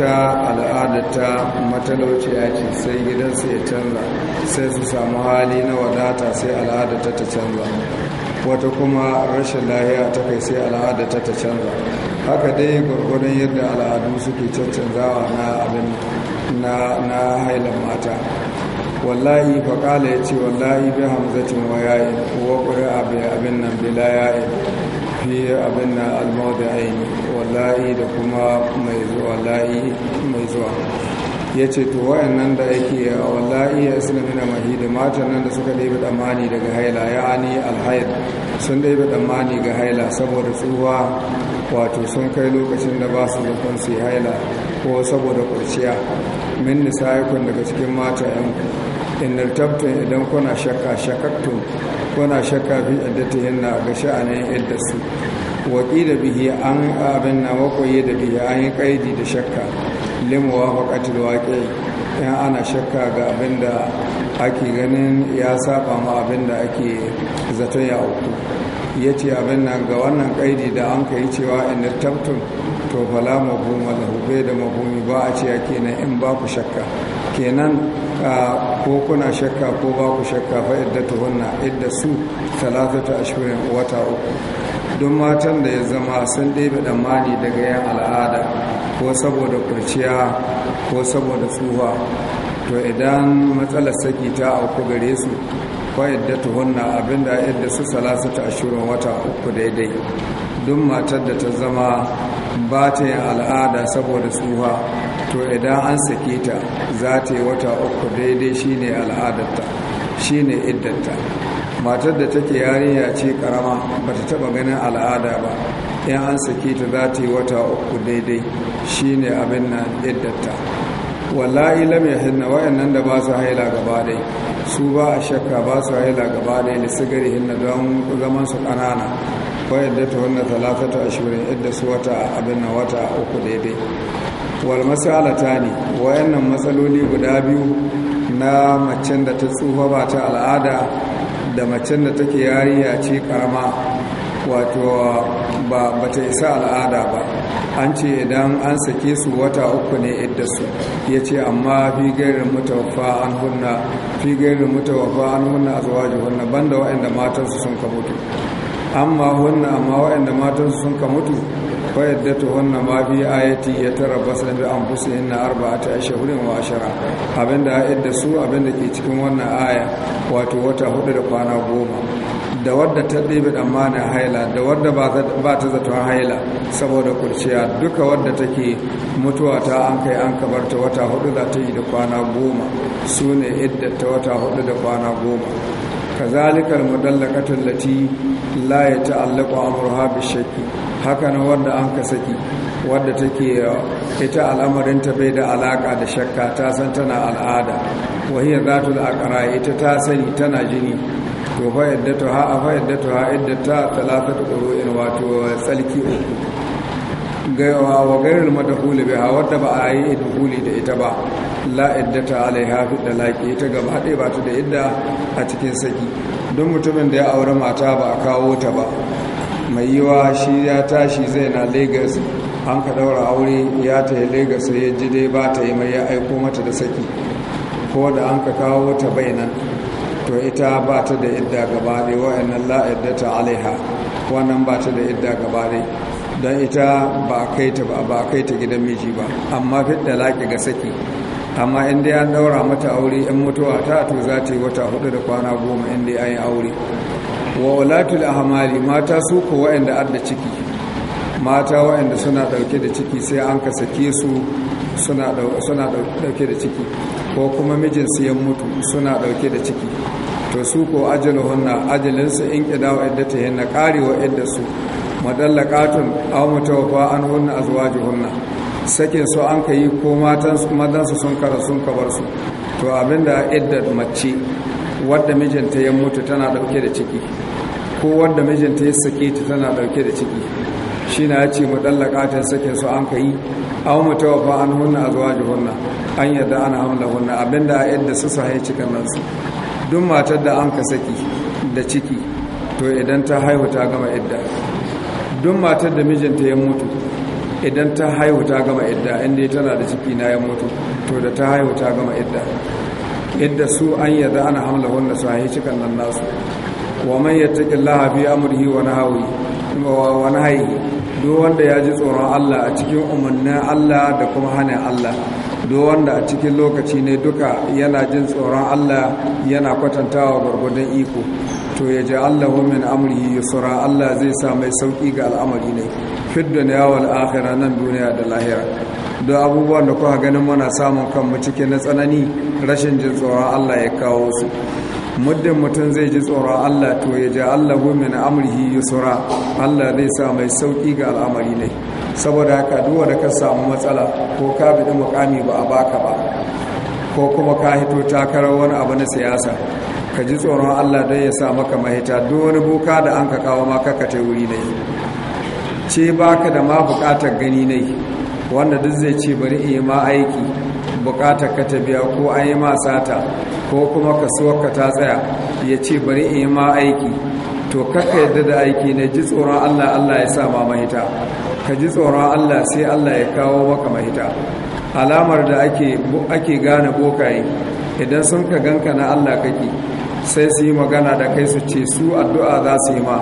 wata al'adata matalauciya ce sai gidan su ya canza sai su samu hali na wadata sai al'adata ta canza wata kuma rashin lahiya ta kai sai al'adata ta canza haka dai gwargwadon yadda al'adu suke cancanzawa na abin na hailan mata wallahi faƙala ya ce wallahi bi hamzatin wa yi. wa ƙuri'a abin nan bila yi. fi abin na almawar da aini wallahi da kuma mai zuwa layi mai zuwa ya ce to wa'annan da yake wallahi ya islami mahi mahidi matan nan da suka ɗaibi damani daga haila ya ani alhaid sun ɗaibi damani ga haila saboda tsuwa wato sun kai lokacin da ba su zafin su haila ko saboda kurciya min nisa daga cikin mata yanku in idan kuna shakka shakaktun wana shakka fi addata yana ga sha'anin su waƙi da bihi an abin na makwaye da bihi an yi ƙaidi da shakka limuwa faƙatil waƙe yan ana shakka ga abin da ake ganin ya saba ma abin da ake zaton ya auku ya ce abin nan ga wannan ƙaidi da an ka cewa in tabtun to fala hube da mafhumi ba a ce kenan in ba ku shakka kenan ko kuna shakka ko ba ku shakka fa ta hunna idda su talatatu ashirin wata uku don matan da ya zama sun ɗebe damani daga yan al'ada ko saboda kurciya ko saboda tsufa to idan matsalar saki ta auku gare su fa'iddatu hunna abinda idda su salasata ashirin wata uku daidai don matar da ta zama ba ta yin al'ada saboda tsuwa to idan an sake ta za ta yi wata uku daidai shine al'adarta shine iddarta matar da take yarinya ce karama ba ta taba ganin al'ada ba in an sake ta za ta yi wata uku daidai shine abin nan iddarta wallahi lam yahinna wayannan da ba su haila gaba dai su ba a shakka ba su haila gaba dai da sigari hinna don zaman su kanana wayanda ta wannan a ashirin idda su wata abin na wata uku daidai wal ta ne wayannan matsaloli guda biyu na macen da ta tsufa ba ta al'ada da macen da take a ce karama wato ba ta isa al'ada ba an ce idan an sake su wata uku ne su ya ce amma fi gairin mutawafa an hunna fi gairin mutawafa an hunna a zuwa hunna banda waɗanda matansu sun ka mutu amma hunna amma waɗanda matansu sun ka mutu fayyadda tuhunna ma bi ayati ya tara basa bi an fusa inna arba'ata ashhurin wa ashara abinda ya idda su abinda ke cikin wannan aya wato wata hudu da kwana goma da wadda ta ɗebe tsammanin haila da wadda ba ta zaton haila saboda kurciya duka wadda take mutuwa ta an kai an kabar ta wata hudu za ta yi da kwana goma su ne idda ta wata hudu da kwana goma kazalikar mudallakatun lati la ya ta'allaka amurha bi shakki haka nan wanda an ka saki wadda take ita al'amarinta bai da alaƙa da shakka ta san tana al'ada wahiyar zatu da akara ita ta sani tana jini to fa yadda ta ha a fa yadda ta ha yadda ta talata da in wato tsalki uku gaiwa wa gairar madahuli bai hawa wadda ba a yi idhuli da ita ba la idda ta alaiha fi da laƙi ita gaba ɗaya ba ta da idda a cikin saki don mutumin da ya aure mata ba a kawo ta ba mai yiwa shi ya tashi zai na lagos an ka daura aure ya ta yi lagos ya ji dai ba ta yi mai ya aiko mata da saki ko da an ka kawo ta nan, to ita ba ta da idda gaba dai wa'annan la'idda ta alaiha wannan ba ta da idda gaba dai don ita ba kai ta ba kai ta gidan miji ba amma fit da laƙi ga saki amma inda ya daura mata aure yan mutuwa ta to za ta yi wata hudu da kwana goma inda ya yi aure wa walatul ahmali mata su ko waɗanda adda ciki mata wa'anda suna ɗauke da ciki sai an ka sake su suna ɗauke da ciki ko kuma su ya mutu suna ɗauke da ciki to su ko ajaluhunna su in kida wa yadda ta hinna wa yadda su madallakatun aw mutawaffa an hunna azwajuhunna sakin su an kai ko matan su sun kara sun kabar su to abinda iddat mace wadda mijinta ya mutu tana dauke da ciki ko wadda mijinta ya sake ta tana dauke da ciki shi na ya ce mutallaka ta sake su an kai aw tawafa an hunna azwajuhunna an yadda ana hamla hunna abinda a yadda su su haici cikin su duk matar da an ka saki da ciki to idan ta haihu ta gama idda duk matar da mijinta ya mutu idan ta haihu ta gama idda inda tana da ciki na ya mutu to da ta haihu ta gama idda idda su an yadda ana hamla wanda su haye cikin nan nasu wa man yattaqi Allah fi amrihi wa nahwi wa nahyi duk wanda ya ji tsoron Allah a cikin umarnin Allah da kuma hana Allah duk wanda a cikin lokaci ne duka yana jin tsoron Allah yana kwatantawa gwargwadon iko to ya ji Allah min amrihi yusra Allah zai sa mai sauki ga al'amari ne fid dunya wal akhirah nan duniya da lahira Don abubuwan da kuka ganin muna samun kanmu cikin na tsanani rashin jin tsoron Allah ya kawo su muddin mutum zai ji tsoron Allah to ya ji Allah min amrihi yusra Allah zai sa mai sauki ga al'amari ne saboda haka duwa da ka samu matsala ko ka bi mukami ba a baka ba ko kuma ka hito takarar wani abu na siyasa ka ji tsoron Allah don ya sa maka mahita duk wani boka da an ka kawo maka ka wuri ne ce baka da ma bukatar gani ne wanda duk zai ce bari in yi ma aiki bukatar ka ta biya ko an yi ma sata ko kuma kasuwar ka ta tsaya ya ce bari yi ma aiki to kakka yadda da aiki na ji tsoron allah allah ya sa ma mahita ka ji tsoron allah sai allah ya kawo maka mahita alamar da ake gane bokaye idan sun ka ganka na allah kake sai su yi magana da kai su ce su addu'a za su yi ma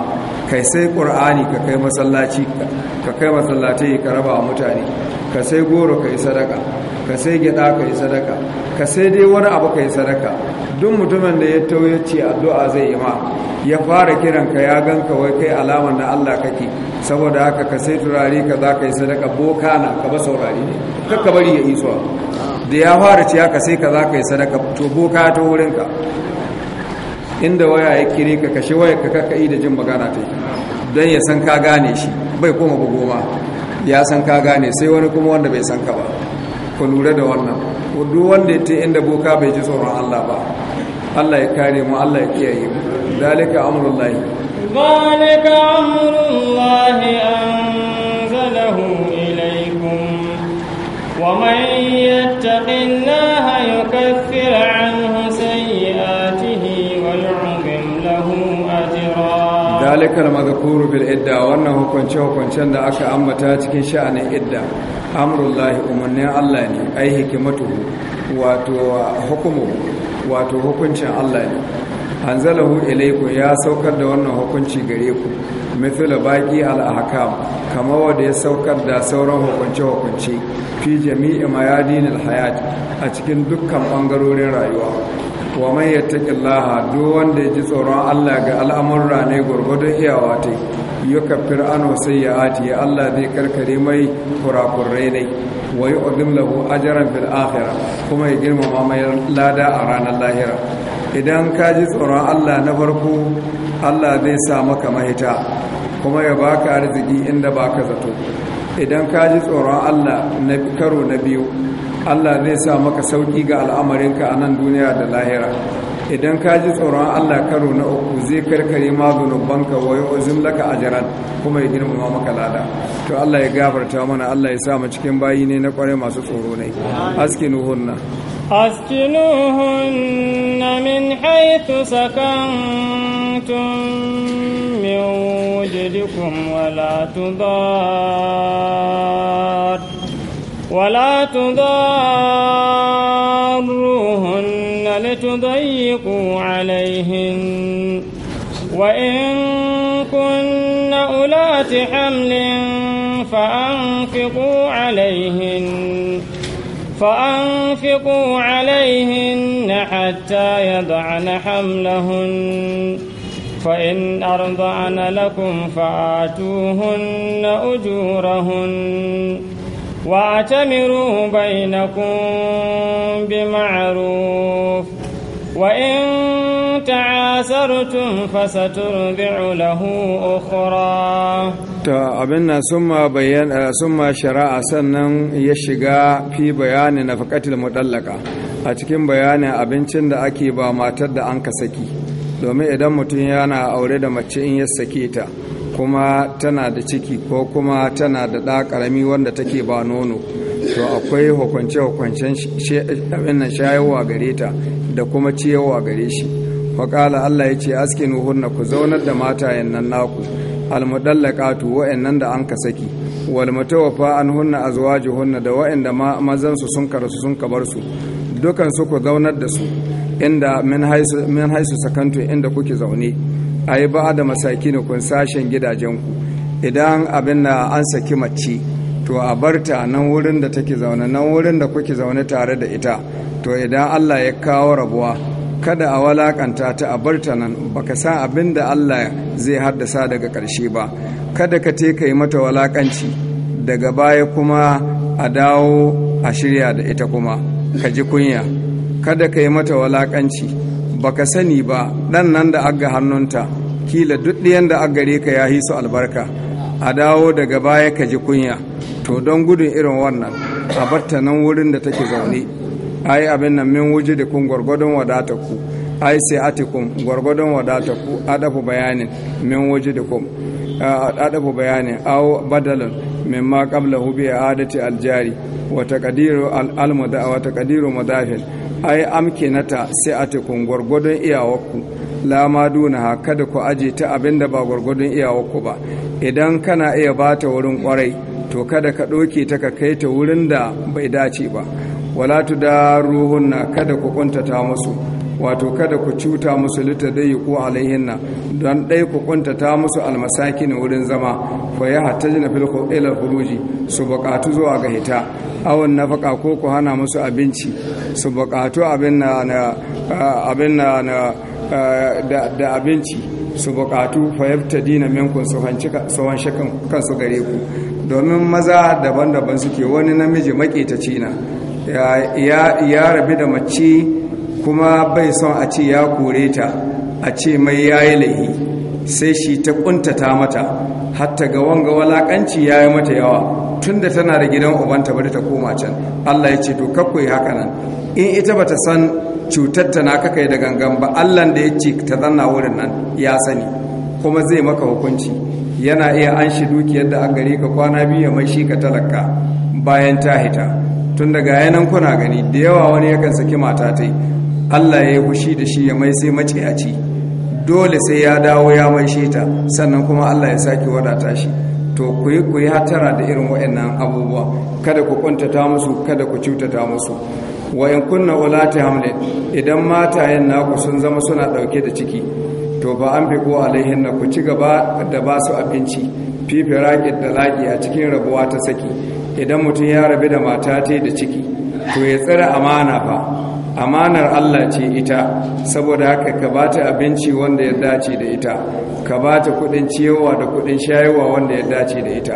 kai sai ƙur'ani ka kai masallaci ka kai masallatai ka raba wa mutane ka sai goro ka yi sadaka ka sai gyaɗa ka yi sadaka ka sai dai wani abu ka yi sadaka duk mutumin da ya tauye addu'a zai yi ma ya fara kiran ka ya gan ka wai kai alamar na Allah kake saboda haka ka sai turare ka za ka yi sadaka boka na ka ba saurari ne kakka bari ya iso da ya fara ciya ka sai ka za ka yi sadaka to boka ta wurinka inda waya ya kire ka kashe waya ka kaka da jin magana ta don ya san ka gane shi bai koma bugoma ya san ka gane sai wani kuma wanda bai san ka ba ku lura da wannan duk wanda ya ta inda boka bai ji tsoron Allah ba Allah ya kare mu Allah ya kiyaye mu dalika amrullahi dalika amrullahi anzalahu ilaykum wa man yattaqillaha yukaffir 'anhu zalikar magakuru bil idda wannan hukunce hukuncen da aka ambata cikin sha'anin idda amrullahi umarnin Allah ne ai hikimatu wato hukumu wato hukuncin Allah ne anzalahu ilaiku ya saukar da wannan hukunci gare ku mithla baqi al ahkam kama wanda ya saukar da sauran hukunce hukunce fi jami'i mayadin al hayat a cikin dukkan bangarorin rayuwa wa man yattaqillaha duk wanda ya ji tsoron Allah ga al'amurra ne gurgudun iyawa ta sai ya sayyi'ati Allah zai karkare mai kurakurai ne wa yu'dim lahu ajran fil fil'ahira kuma ya girmama mai lada a ranar lahira idan ka ji tsoron Allah na farko Allah zai sa maka mahita kuma ya baka arziki inda baka zato idan ka ji tsoron Allah na karo na biyu Allah zai sa maka sauki ga al'amarinka a nan duniya da lahira idan ka ji tsoron Allah karo na uku zai karkare ma zunubanka wayo yu'zim laka ajran kuma ya girmama maka lada to Allah ya gafarta mana Allah ya sa mu cikin bayi ne na kware masu tsoro ne askinuhunna أسكنوهن من حيث سكنتم ولا تضاروهن لتضيقوا عليهن وإن كن أولات حمل فأنفقوا عليهن فأنفقوا عليهن حتى يضعن حملهن فإن أرضعن لكم فآتوهن أجورهن واعتمروا بينكم بمعروف وإن تعاسرتم فسترضع له أخرى abin summa bayyana summa shari'a sannan ya shiga fi bayanin nafaqatil mudallaka a cikin bayanin abincin da ake ba matar da an ka saki domin idan mutum yana aure da mace in ya sake ta kuma tana da ciki ko kuma tana da ɗa ƙarami wanda take ba nono to akwai hukunce-hukuncen abin shayarwa gare ta da kuma ciyarwa gare shi faƙala Allah ya ce askinu hunna ku zaunar da mata nan naku almudallaqatu wa'annan da an ka saki wal an hunna a hunna, da wa'anda mazan su sun karasu sun kabar su dukan ku zaunar da su inda min haisu min haisu sakantu inda kuke zaune a yi ba da masaki na kun sashen gidajenku idan abin na an saki mace to a barta nan wurin da take zaune nan wurin da kuke zaune tare da ita to idan allah ya kawo rabuwa kada a walakanta ta a barta nan baka sa abin da allah zai haddasa daga ƙarshe ba kada ka te ka yi mata walakanci daga baya kuma a dawo a shirya da ita kuma ka ji kunya kada ka yi mata walakanci baka sani ba ɗan nan da aga hannunta kila duk ɗiyan da aga ka ya su albarka a dawo daga baya ka ji kunya to don gudun irin wannan a barta nan wurin da take zaune ai abin nan min wuji da kun gwargwadon wadata ku ai sai atikum gwargwadon wadata ku dafa bayanin min wuji da kun dafa bayanin aw badalun mimma qablahu bi adati aljari wata kadiru al da wata kadiru mudafil ai amke amkinata sai a tekun gwargwadon iyawarku lama haka da ku aje ta abin da ba gwargwadon iyawarku ba idan kana iya ba ta wurin kwarai to kada ka ɗauke ta ka kai ta wurin da bai dace ba wala tu da na, kada ku kuntata musu wato kada ku cuta musu lita dai ko alaihinna don dai ku kuntata musu almasakin wurin zama fa ya hatta jina fil qulil khuruji su bukatu zuwa ga hita awon nafaka ko ku hana musu abinci su bukatu abin na eh, eh, da abinci su bukatu fayabta dina minkun su hanci kansu gare ku domin maza daban-daban suke wani namiji maƙetaci na ya rabi da mace kuma bai son a ce ya kore ta a ce mai yayi lahi sai shi ta kuntata mata hatta ga wanga walakanci ya yi mata yawa tun da tana da gidan ubanta bari ta koma can Allah ya ce to kakwai haka nan in ita bata san cutar ta na kakai da gangan ba Allah da ya ce ta zanna wurin nan ya sani kuma zai maka hukunci yana iya an shi dukiyar da an gare ka kwana biyu ya mai shi ka talaka bayan ta hita tun daga yanan kuna gani da yawa wani yakan saki mata ta Allah ya yi hushi da shi ya mai sai maciyaci dole sai ya dawo ya mai shi ta sannan kuma Allah ya sake wadata shi to ku yi ku yi hatara da irin wa'annan abubuwa kada ku kuntata musu kada ku cutata musu wa in kunna ulati hamle. idan matayen naku sun zama suna ɗauke da ciki to ba an fi ko alaihin na ku ci gaba da ba su abinci fifi firaƙin da laƙi a cikin rabuwa ta saki idan mutum ya rabu da mata ta da ciki to ya tsira amana fa amanar Allah ce ita saboda haka ka ba ta abinci wanda ya dace da ita ka ba ta kudin ciyawa da kudin shayarwa wanda ya dace da ita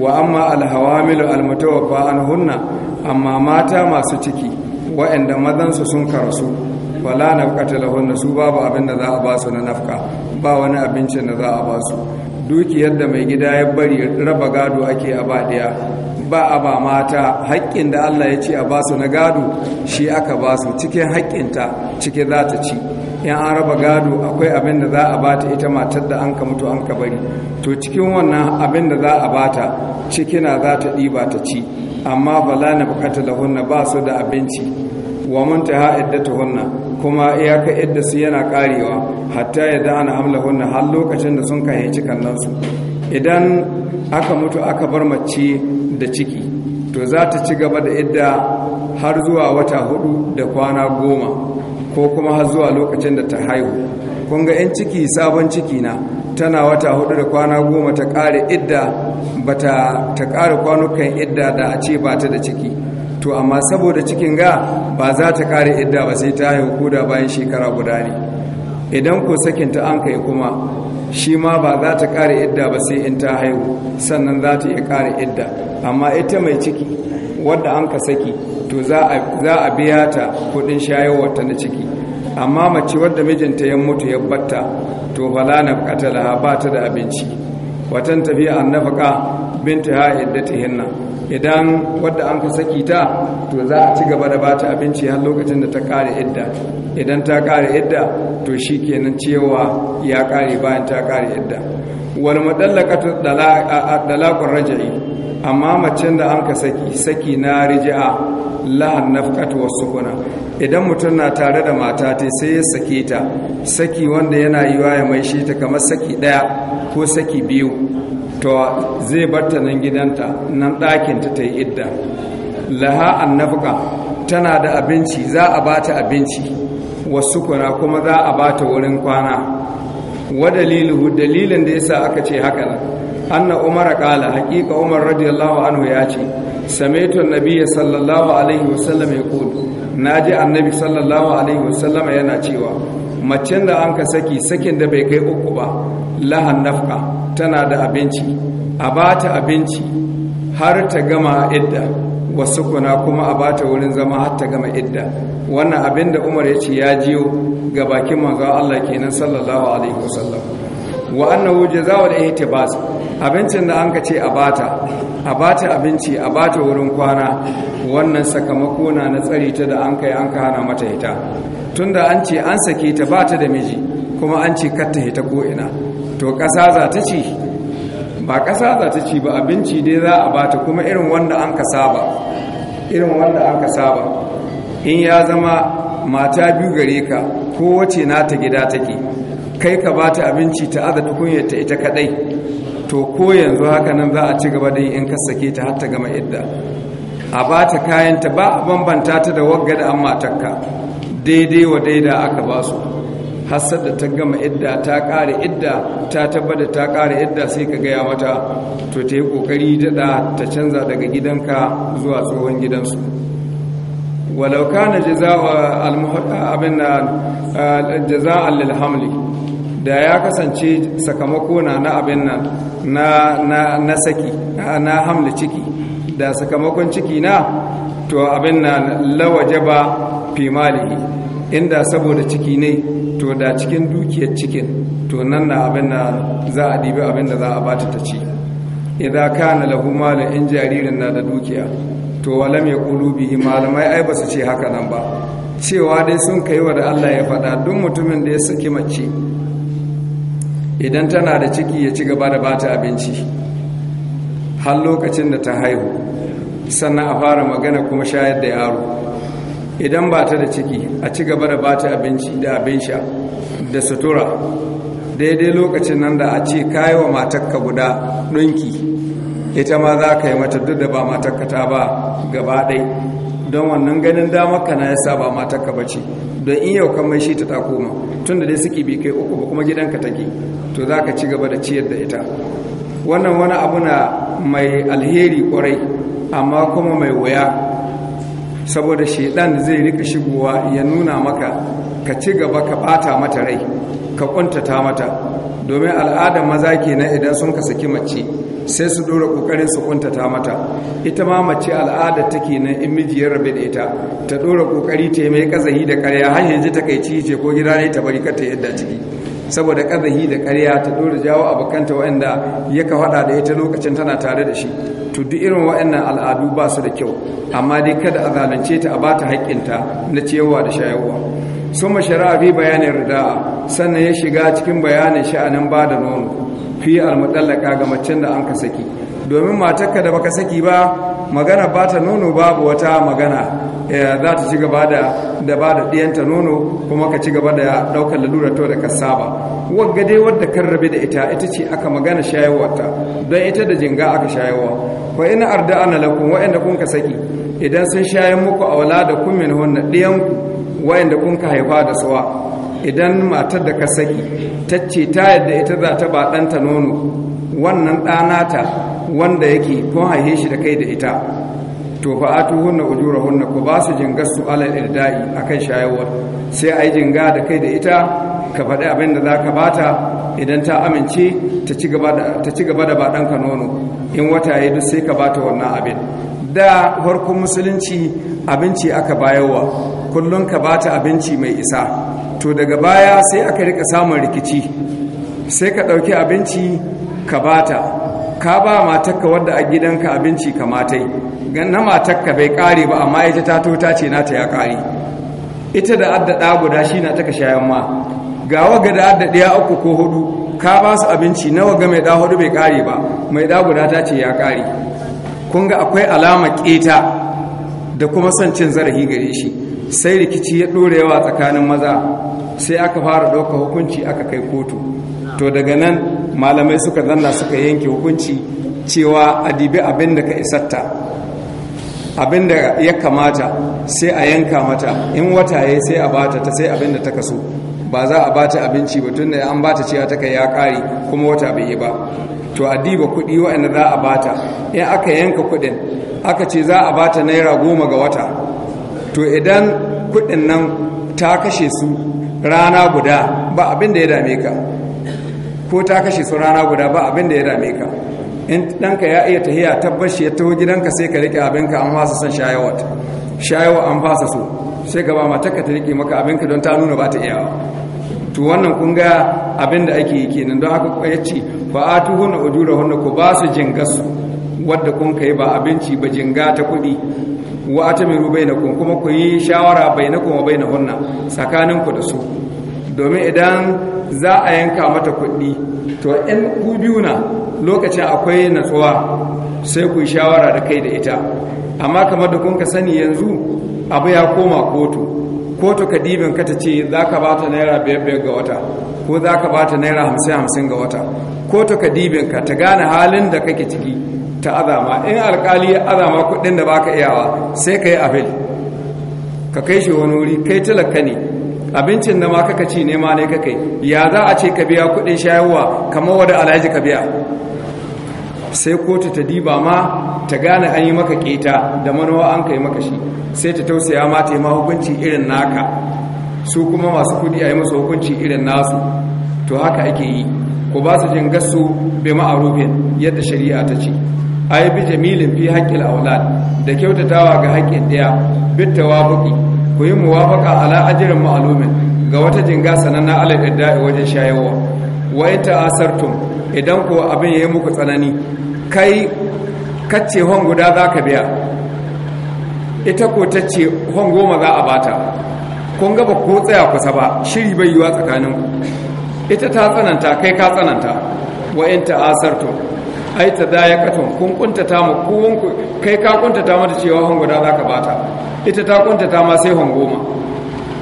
wa amma alhawamilu almutawaffa anhunna amma mata masu ciki waɗanda mazansu sun karasu wala nafqata lahunna su babu abin da za a ba su na nafka ba wani abincin da za a ba su dukiyar da mai gida ya bari raba gado ake a baɗiya ba a ba mata haƙƙin da Allah ya ce a basu na gado shi aka basu cikin haƙƙinta cikin za ta ci in an raba gado akwai abin da za a bata ita matar da an ka mutu an ka bari to cikin wannan abin da za a bata cikina za ta ɗiba ta ci amma bala na bukata da hunna ba su da abinci wa mun ta ha ta hunna kuma ka yadda su yana karewa hatta ya ana amla hunna har lokacin da sun kan hici kallon su idan aka mutu aka bar mace da ciki to za ta ci gaba da idda har zuwa wata hudu da kwana goma ko kuma har zuwa lokacin da ta haihu kunga ga 'yan ciki sabon ciki na tana wata hudu da kwana goma ta kare idda bata ta kare kwanukan idda da a ce ba ta da ciki to amma saboda cikin ga ba za ta kare idda ba sai ta haihu koda bayan shekara guda ne idan ko sakinta an kai kuma shi ma ba za ta ƙare idda ba sai in ta haihu sannan za ta iya ƙare idda amma ita mai ciki wadda an ka saki to za a biya ta kudin ta na ciki amma mace wadda mijinta ya mutu ya batta to bala na katala ba ta da abinci watan tafiya an nafaka binta ta hinna. idan wadda an saki ta to za a ci gaba da bata abinci har lokacin da ta kare idda idan ta kare idda to shi kenan cewa ya kare bayan ta kare idda wal madallaqatu dalakon rajayi amma macen da an ka saki saki na la'an nafkata wasu wasukuna idan mutum na tare da mata ta sai ya sake ta saki wanda yana yiwa ya mai shi ta kamar saki daya ko saki biyu to zai barta nan gidanta nan ɗakinta ta yi idda laha annafuka tana da abinci za a ba ta abinci wasu kuna kuma za a ba ta wurin kwana wa dalilu dalilin da yasa aka ce haka nan anna umar kala haqiqa umar radiyallahu anhu ya ce samaitu annabiyya sallallahu alaihi wasallam yaqul naji annabi sallallahu alaihi wasallam yana cewa macen da an ka saki sakin da bai kai uku ba lahan nafka tana da abinci a ba ta abinci har ta gama idda wasu kuna kuma a ba ta wurin zama har ta gama idda wannan abin da umar ya ce ya jiyo ga bakin manzo Allah kenan sallallahu alaihi wasallam wa annahu jazaa'ul ihtibas abincin da an ka ce a bata a bata abinci a bata wurin kwana wannan sakamako na na tsari ta da an kai an ka hana mata ita tunda an ce an sake ta ba ta da miji kuma an ce katta ta ko'ina to ƙasa za ta ci ba ƙasa za ta ci ba abinci dai za a bata kuma irin wanda an ka saba irin wanda an ka saba in ya zama mata biyu gare ka kowace nata gida take kai ka bata abinci ta kunyar ta ita kadai to ko yanzu haka nan za a ci gaba da in ka sake ta har ta gama idda a bata kayanta ba a bambanta ta da wagga da an matarka daidai wa daida aka ba su hassar da ta gama idda ta ƙara idda ta tabbata ta ƙara idda sai ka gaya mata to ta yi ƙoƙari daɗa ta canza daga gidanka zuwa tsohon gidansu walau kana jaza'an a lalhamli da ya kasance sakamako na na abin nan na saki na hamli ciki da sakamakon ciki na to abin nan lawaje ba fi mali inda saboda ciki ne to da cikin dukiyar cikin to nan na abin da za a dibi abin da za a bata ta ci idan kana lahu malin in jaririn na da dukiya to walam ya qulubi malamai ai ba su ce haka nan ba cewa dai sun kai wa da Allah ya faɗa duk mutumin da ya saki mace idan tana da ciki ya ci gaba da bata abinci har lokacin da ta haihu sannan a fara magana kuma shayar da yaro idan ba ta da ciki a ci gaba da ba ta abinci da abin sha da sutura daidai lokacin nan da a ce kayi wa matakka guda ɗunki ita ma za ka yi mata duk da ba matakka ta ba gaba ɗai don wannan ganin damakka na yasa ba matakka ba ce don in yau kamar shi ta ta koma tun da dai suke bi kai uku ba kuma gidanka take to za ka ci gaba da ciyar da ita wannan wani abu na mai alheri kwarai amma kuma mai wuya saboda shaidan zai rika shigowa ya nuna maka ka ci gaba ka bata mata rai ka kuntata mata domin al'adar maza kenan idan sun ka saki mace sai su dora kokarin su kuntata mata ita ma mace al'ada take nan in miji ya rabe da ita ta dora kokari ta mai kazahi da karya har yanzu takaici ce ko gida ne ta bari ka ta yadda ciki saboda ƙazahi da ƙarya ta ɗora jawo abokanta waɗanda ya ka faɗa da ita lokacin tana tare da shi to duk irin waɗannan al'adu ba su da kyau amma dai kada a zalunce ta a ba ta haƙƙinta na ciyarwa da shayarwa sun shari'a fi bayanin rida'a sannan ya shiga cikin bayanin sha'anin ba da nono fi almuɗallaka ga macen da an ka saki domin matarka da baka saki ba magana ba ta nono babu wata magana eh, za ta ci gaba da ba da ɗiyanta nono kuma ka ci gaba da ɗaukar lalura to da ka saba wagga dai wadda kan rabe da ita ita ce aka magana shayarwarta don ita da jinga aka shayarwa fa ina arda ana lakum wa'anda kun ka saki idan sun shayar muku a wala da kun min hunna ɗiyanku wa'anda kun ka haifa da suwa idan matar da ka saki tacce ta yadda ita za ta ba ɗanta nono wannan ɗanata wanda yake kun haihe shi da kai da ita to fa ujura hunna ku ba su jinga su alal irda'i akan shayarwar sai ai jinga da kai da ita ka faɗi abin da zaka bata idan ta amince ta ci gaba da ta ci gaba da ba ɗanka nono in wata yayi duk sai ka bata wannan abin da farkon musulunci abinci aka bayarwa kullum ka bata abinci mai isa to daga baya sai aka rika samun rikici sai ka ɗauki abinci ka bata ka ba matakka wadda a gidanka abinci kamatai na matakka bai kare ba amma ita ta to ta ce nata ya kare ita da adda guda shi na taka shayan ma ga waga da adda ɗaya uku ko hudu ka ba su abinci na waga mai ɗa hudu bai kare ba mai ɗa guda ta ce ya kare kun ga akwai alama ƙeta da kuma son cin zarafi gare shi sai rikici ya ɗora yawa tsakanin maza sai aka fara ɗauka hukunci aka kai kotu to daga nan malamai suka zanna suka yanke hukunci cewa a dibi abin da ka isatta abin da ya kamata sai a yanka mata in wata ya sai a bata ta sai abin da ta kaso ba za a bata abinci ba tun da an bata cewa ta kai ya kare kuma wata bai yi ba to a diba kuɗi waɗanda za a bata in aka yanka kuɗin aka ce za a bata naira goma ga wata to idan kuɗin nan ta kashe su rana guda ba abin da ya dame ka ko ta kashe su rana guda ba abin da ya dame ka in danka ya iya tahiya shi ya taho gidanka sai ka riƙe abinka an fasa son shayawat shayawa an fasa so sai ka ba mataka ta riƙe maka abinka don ta nuna ba ta iya. to wannan kun ga abin da ake yi kenan don haka ya ce ba a tuhun na ujura wanda ku ba su jingasu wadda kun kai ba abinci ba jinga ta kuɗi wa ta miru bai na kun kuma ku yi shawara bai na kuma bai na hunna tsakaninku da su domin idan za a yanka mata kuɗi to in ku biyu na lokacin akwai natsuwa sai ku shawara da kai da ita amma kamar da kunka sani yanzu abu ya koma kotu kotu ka dibin ka ta ce za ka ba ta naira biyar ga wata ko za ka ba ta naira hamsin hamsin ga wata kotu ka dibin ka ta gane halin da kake ciki ta azama in alkali ya azama kuɗin da baka iyawa sai ka yi abin ka kai shi wani wuri kai talaka ne abincin da ma kaka ci nema ne kakai ya za a ce ka biya kudin shayarwa kamar wadda alhaji ka biya sai kotu ta diba ma ta gane an yi maka keta da manowa an kai maka shi sai ta tausaya ma ta yi ma hukunci irin naka su kuma masu kudi a yi musu hukunci irin nasu to haka ake yi ku ba su jin gasu bai ma'arufin yadda shari'a ta ce ai bi jamilin fi haƙƙil aulad da kyautatawa ga haƙƙin ɗaya bittawa buƙi ku yi muwafaka ala ajirin ma'alumin ga wata jinga sananna ala idda'i wajen shayarwa wa ita asartum idan ku abin ya yi muku tsanani kai kacce hon guda za ka biya ita ko ta ce hon goma za a bata kun gaba ko tsaya kusa ba shiri bai yiwa tsakaninku ita ta tsananta kai ka tsananta wa in ta'asartum ai ta katon, kun kuntata mu kun kai ka kuntata mata cewa hon guda za ka bata ita ta kuntata ma sai hon goma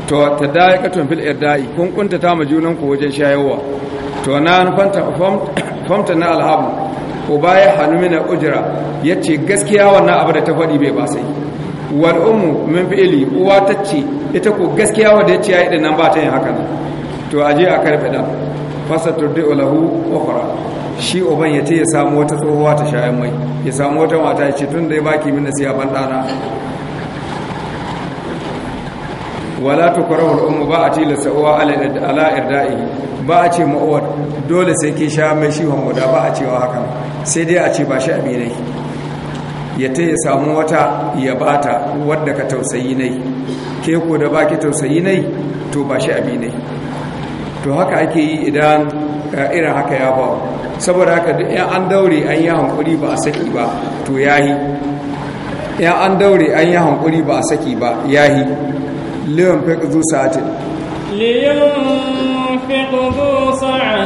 to ta dai ka tun fil irda'i kun kuntata ma junan ku wajen shayarwa to na fanta famta na alhabu ko baya hanumina ujra yace gaskiya wannan abu da ta faɗi bai ba sai wal ummu min fi'li uwa tace ita ko gaskiya wanda yace yayi dinnan ba ta yin haka to aje a karfe da fasaturdu lahu ukhra shi uban ya ce ya samu wata tsohuwa ta shayar mai ya samu wata mata ya ce tun da ya baki min nasiya ban dana wala ta kwarar ummu ba a tilasta uwa ala irda'i ba a ce ma'uwar dole sai ke sha mai shi hamuda ba a cewa haka sai dai a ce ba shi abi ne ya ta ya samu wata ya bata wadda ka tausayi nai ke ko da baki tausayi nai to ba shi abi ne to haka ake yi idan eh, irin haka ya ba saboda haka duk yan an daure an yi hankuri ba a saki ba to yi yan an daure an yi hankuri ba a saki ba yahi liyan fiƙ zu sa'atin liyan fiƙ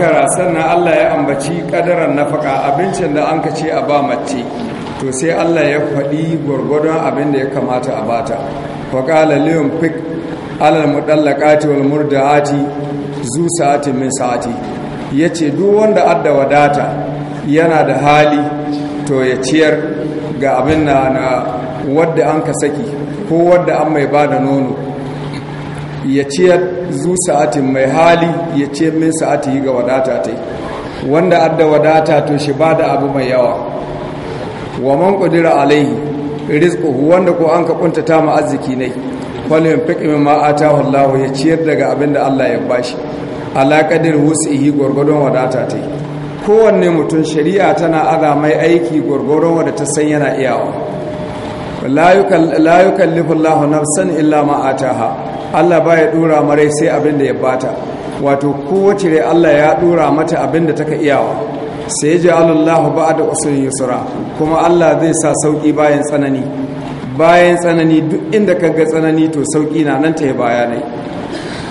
makara sannan Allah ya ambaci kadaran nafaka abincin da an ka ce a ba mace to sai Allah ya faɗi gwargwadon abin da ya kamata a bata faƙala liyan fik alal mudallaqati wal murdaati zu sa'ati min sa'ati ya ce duk wanda adda wadata yana da hali to ya ciyar ga abin na wadda an ka saki ko wadda an mai ba da nono ya ce zu sa'atin mai hali ya ce min sa'ati ga wadata ta wanda adda wadata to shi ba da abu mai yawa wa man kudira alaihi rizquhu wanda ko an ka ta ma arziki ne falin fiqi ma ata wallahu ya ciyar daga abin da Allah ya bashi ala qadir wusihi gurgudun wadata ta kowanne mutum shari'a tana ada mai aiki gurgurun wanda ta san yana iyawa la yukallifu Allahu nafsan illa ma ataha Allah baya dora marai sai abin da ya bata wato kowace rai Allah ya dora mata abin da taka iyawa sai ji Allah da usul yusra kuma Allah zai sa sauki bayan tsanani bayan tsanani duk inda ka ga tsanani to sauki na nan ta yi bayanai.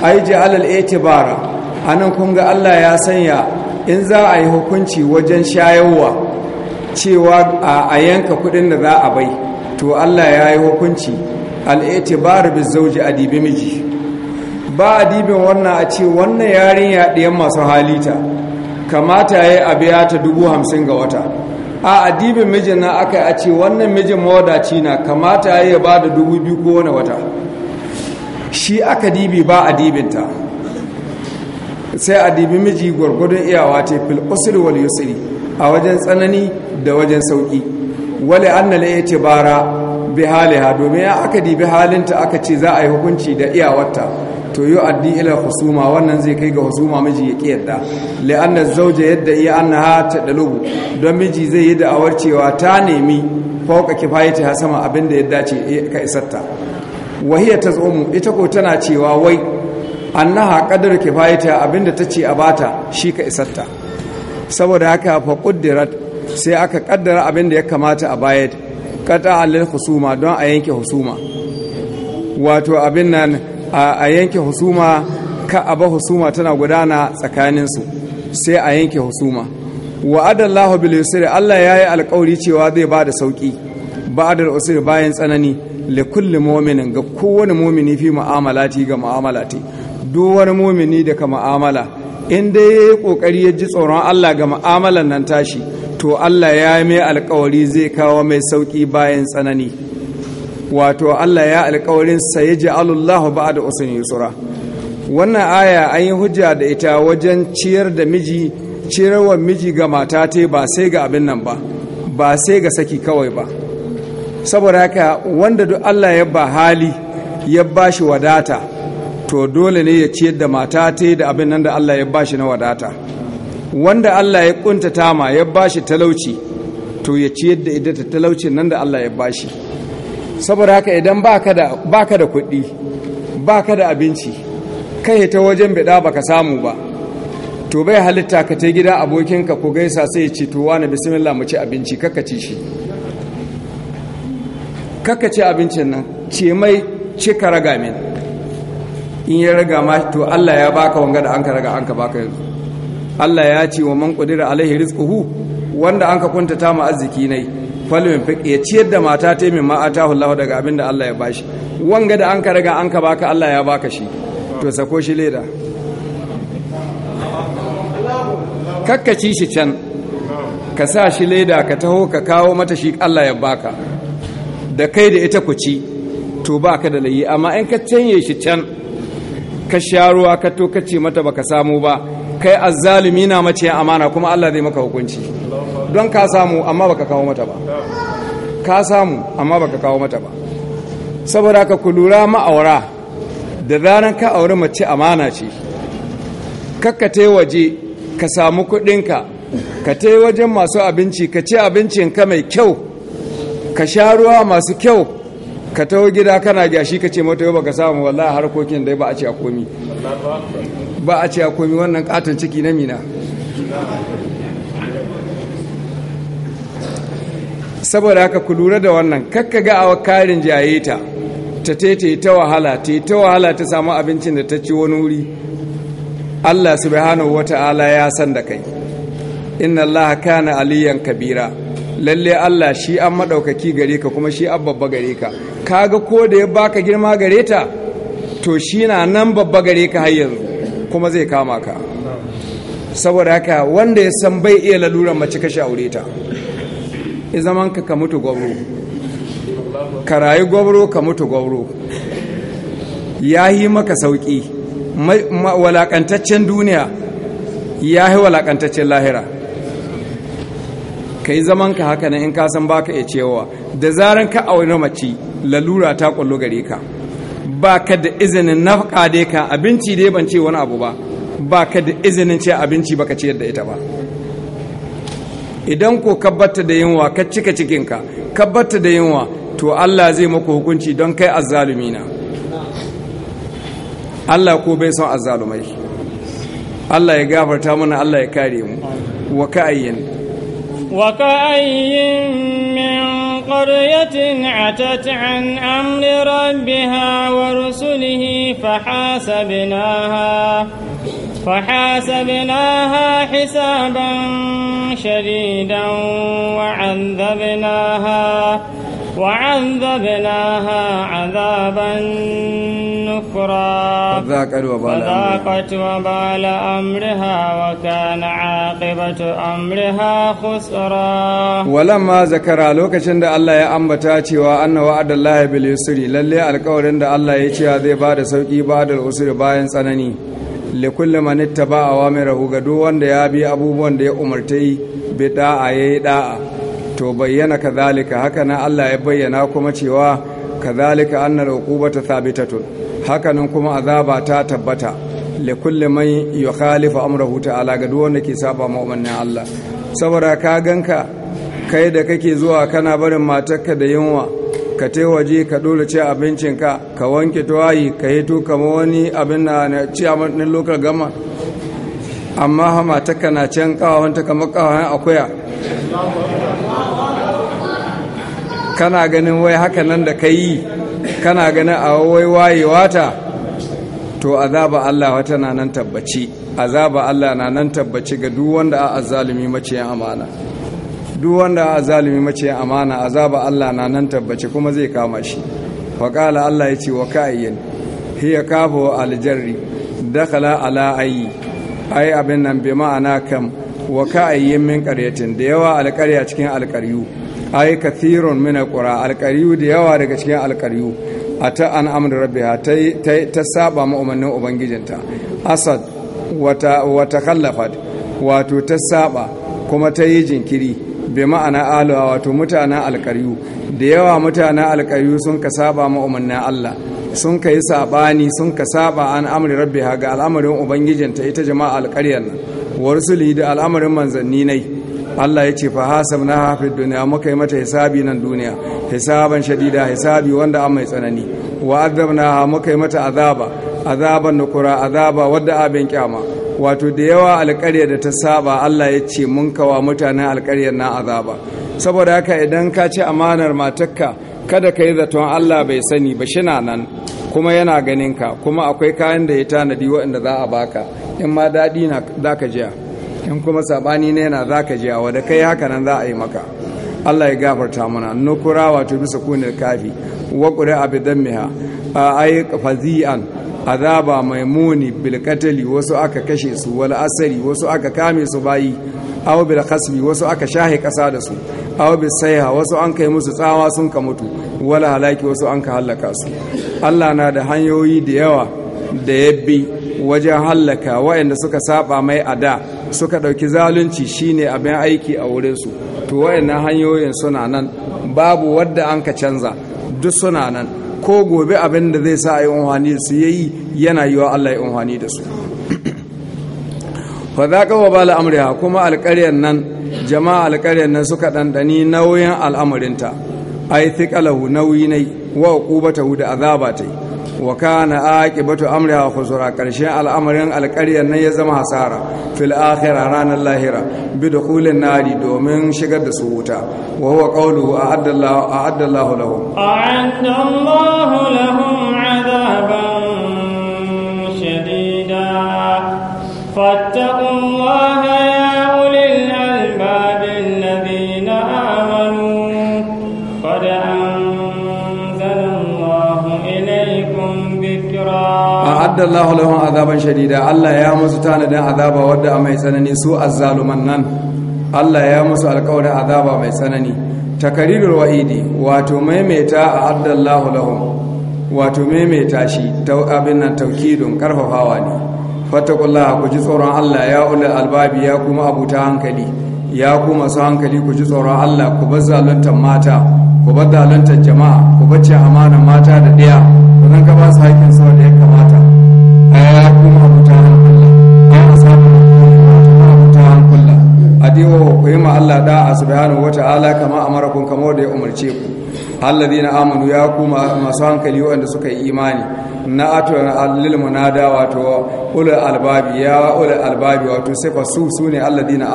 ai ji alal itibara anan kun ga Allah ya sanya in za a yi hukunci wajen shayarwa cewa a yanka kudin da za a bai to Allah ya yi hukunci al'itibar bi zauji a dibi miji ba a dibin wannan a ce wannan yarinya ɗiyan masu halita kamata ya yi a biya ta dubu hamsin ga wata a adibin mijin na aka a ce wannan mijin mawadaci na kamata ya yi ba da dubu biyu ko wani wata shi aka dibi ba adibinta sai dibi miji gwargwadon iyawa ta fil usuri wal yusri a wajen tsanani da wajen sauki wale annala ya ce bara bi domin ya aka dibi halinta aka ce za a yi hukunci da iyawarta to yi addi ila husuma wannan zai kai ga husuma miji ya kiyarda la'anna zauja yadda iya ha ta dalubu don miji zai yi da'awar cewa ta nemi fauka kifayati ha sama abinda ya dace ka isarta wahiya ta tsomu ita ko tana cewa wai an kifayeta abin kifayati abinda ce a bata shi ka isarta saboda haka fa kuddirat sai aka kaddara da ya kamata a bayar kata lil husuma don a yanke husuma wato abin nan a yanke husuma ka aba husuma tana gudana tsakaninsu sai a yanke husuma wa'adallahu bil yusri Allah yayi alƙawari cewa zai ba da sauki ba'dal usri bayan tsanani li kulli mu'minin ga kowane mu'mini fi mu'amalati ga mu'amalati duk wani mu'mini da ka mu'amala in dai yayi kokari ya ji tsoron Allah ga mu'amalan nan tashi to Allah ya yi mai alkawari zai kawo mai sauki bayan tsanani wato Allah ya alkawarin saye ji Allah ba da usun yusura wannan aya an yi hujja da ita wajen ciyar da miji ciyarwar miji ga mata ta ba sai ga abin nan ba ba sai ga saki kawai ba saboda haka wanda duk Allah ya ba hali ya ba shi wadata to dole ne ya ciyar da mata ta da abin nan da Allah ya ba shi na wadata wanda Allah ya kunta tama ya bashi talauci to ya ciyar da ita talaucin nan da Allah ya bashi saboda haka idan baka da da kuɗi baka da abinci kai ta wajen bida baka samu ba to bai halitta ka ta gida abokinka ku gaisa sai ya ce to wani bismillah mu ci abinci kakka shi kakka abincin nan ce mai cika raga min in ya raga ma to Allah ya baka wanga da an ka raga an ka baka yanzu Allah ya ce wa man qadira alaihi rizquhu wanda an ka kuntata ma arziki nai falmin fiq ya ciyar da mata ta min ma Allah daga abin da Allah ya bashi wanga da an ka riga an ka baka Allah ya baka shi to sako shi leda kakkaci shi can ka sa shi leda ka taho ka kawo mata shi Allah ya baka da kai da ita ku ci to baka da layi amma in ka canye shi can ka sha ruwa ka to ka ce mata baka samu ba kai azzalimi na mace amana kuma Allah zai maka hukunci don ka samu amma baka kawo mata ba ka samu amma baka kawo mata ba saboda ka lura ma'aura da zaran ka auri mace amana ce kakka waje ka samu kuɗinka ka ta wajen masu abinci ka ci abincin ka mai kyau ka sha ruwa masu kyau ka taho gida kana gashi kace ce mata yau baka samu wallahi harkokin dai ba a ce a komi ba a ce ya komi wannan katon ciki na mina saboda haka ku lura da wannan kakka ga awa karin jaye ta ta tete ta wahala ta ta wahala ta samu abincin da ta ci wani wuri Allah subhanahu ta'ala ya san da kai inna Allah kana aliyan kabira lalle Allah shi an maɗaukaki gare ka kuma shi an babba gare ka kaga ko da ya baka girma gare ta to shi na nan babba gare ka har yanzu kuma zai kama ka saboda haka wanda ya san bai iya laluran mace kashe aure ta ya zaman ka ka mutu gwabro ka rayu gwabro ka mutu gwabro ya yi maka sauƙi walaƙantaccen duniya ya yi walaƙantaccen lahira ka yi zaman ka haka na in kasan baka iya cewa da zarar ka aure mace lalura ta ƙwallo gare ka ba ka da izinin na kade ka abinci dai ban ce wani abu ba ba ka da izinin ce abinci ba ka ciyar da ita ba idan ko ka batta da yunwa ka cika cikinka ka batta da yunwa to Allah zai maku hukunci don kai azzalumi na Allah ko bai son azzalumai Allah ya gafarta mana Allah ya kare mu wa ayyin wa ayyin min قرية عتت عن أمر ربها ورسله فحاسبناها فحاسبناها حسابا شديدا وعذبناها وعذبناها عذابا نكرا فذاقت وبال أمرها وكان عاقبة أمرها خسرا ولما ذكر لوكشن da Allah ya ambata cewa anna wa'ada Allah bil yusri lalle alƙawarin da Allah ya ce zai ba da sauki ba da usri bayan tsanani li kulli man ittaba awamirahu ga duk wanda ya bi abubuwan da ya umartai bi da'a yayi ɗa'a. to bayyana kadhalika haka nan Allah ya bayyana kuma cewa kadhalika annal uqubata thabitatun haka nan kuma azaba ta tabbata li kulli man yukhalifu amrahu ta'ala ga duk wanda ke saba ma Allah saboda ka ganka kai da kake zuwa kana barin matarka da yunwa ka te waje ka dole ci abincinka ka wanke tuwayi ka hito kama wani abin na ci a matanin lokal gama amma matarka na can kawahanta kamar kawahan akuya kana ganin wai haka nan da ka yi kana ganin a wai wayewa ta to azaba Allah wata na nan tabbaci azaba Allah na nan tabbaci ga duk wanda a mace maciyan amana duk wanda a zalimi mace amana azaba Allah na nan tabbace kuma zai kama shi faƙala Allah ya ce wa kayyin hiya kafu aljarri dakala ala ayi ai abin nan bi ma'ana kam wa kayyin min qaryatin da yawa alƙarya cikin alƙaryu ai kathirun min alqura alqariyu da yawa daga cikin alqariyu ata an amr rabbiha ta ta saba ma umarnin ubangijinta asad wata wata khallafat wato ta saba kuma ta yi jinkiri bi ma'ana alawa wato mutanen alqariyu da yawa mutanen alqariyu sun ka saba ma umarnin Allah sun ka yi sabani sun ka saba an amri rabbiha ga al'amarin ubangijinta ita jama'a alqaryar nan wa rusuli da al'amarin manzanni nai Allah ya ce fa na hafi duniya muka yi mata hisabi nan duniya hisaban shadida hisabi wanda an mai tsanani wa adabna muka yi mata azaba azaban nukura azaba wadda abin kyama wato da yawa alƙarya da ta saba Allah ya ce mun kawa mutanen alƙaryar na azaba saboda haka idan ka ci amanar matarka kada ka yi zaton Allah bai sani ba shi nan kuma yana ganinka kuma akwai kayan da ya tanadi waɗanda za a baka in ma daɗi na za ka jiya in kuma sabani ne yana za ka je a kai haka nan za a yi maka Allah ya gafarta mana nukura wato bisa kunin kafi wa qura abidanmiha ay fazi'an azaba mai muni bilkatali, wasu aka kashe su wal asari wasu aka kame su bayi aw bil khasbi wasu aka shahe kasa da su aw bil sayha wasu an kai musu tsawa sun ka mutu wala halaki wasu an ka halaka su Allah na da hanyoyi da yawa da yabbi wajen hallaka wayanda suka saba mai a da suka ɗauki zalunci shine abin aiki a wurinsu to wayannan hanyoyin suna nan babu wadda an ka canza duk suna nan ko gobe abin da zai sa a yi unhani su yayi yana yiwa Allah yi unhani da su fa za ka bala amriha kuma alƙaryar nan jama'a alƙaryar nan suka ɗanɗani nauyin al'amarinta ai thiqalahu nauyi ne wa uqubatahu da azaba ta wa kana aqibatu amriha khusura karshen al'amarin alƙaryar nan ya zama hasara fil akhirah ranar lahira bi dukhulin nari domin shigar da su wuta wa huwa qawluhu a'adda Allahu a'adda Allahu lahum a'adda Allahu lahum 'adaban shadida fattaqu a'adda Allahu lahum azaban shadida Allah ya musu tanadin azaba wanda mai tsanani su azzaluman nan Allah ya musu alƙawarin azaba mai tsanani takarirul wa'idi wato maimaita a'adda Allahu lahum wato maimaita shi abin nan taukidun karfafawa ne fattakullaha ku ji tsoron Allah ya ula albabi ya kuma abuta hankali ya kuma su hankali ku ji tsoron Allah ku bar zaluntar mata ku bar dalantar jama'a ku bace amana mata da ɗaya ku zan ka ba su haƙƙin sau da ya kamata a ya kuma abuta hankula an samu abuta hankula adiwa ku yi ma Allah da a subhanahu wa ta'ala kama amarakun kama da ya umarce ku na amanu ya ku masu hankali wanda suka yi imani na ato na munada wato ulul albabi ya ulul albabi wato sai fa su sune na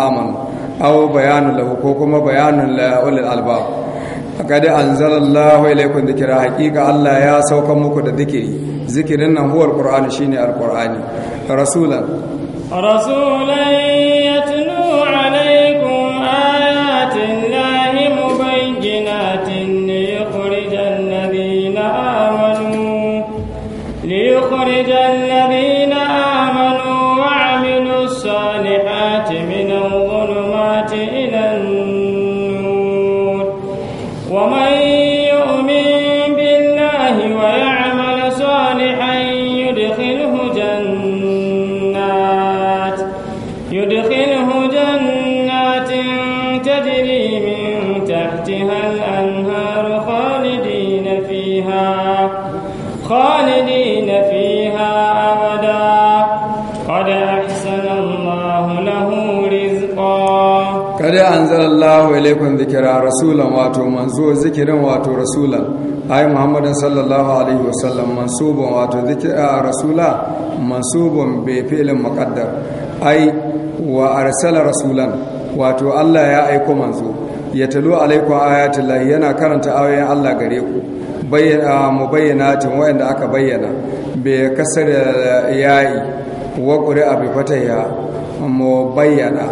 amanu aw bayanu lahu ko kuma bayanun la ulul albab qad anzalallahu ilaykum dhikra haqiqa Allah ya sauka muku da zikiri zikirin nan huwa alqur'ani shine alqur'ani rasulan anzalallahu ilaikum zikira rasulan wato manzo zikirin wato rasulan ai muhammadin sallallahu alaihi wasallam mansubun wato dhikra rasula mansubun bai fi'lin makaddar ai wa arsala rasulan wato Allah ya aiko manzo ya talo alaikum ayatullahi yana karanta ayoyin Allah gare ku bayyana mu bayyana mubayyanatin wa'anda aka bayyana bai kasar yayi wa qur'a bi mu bayyana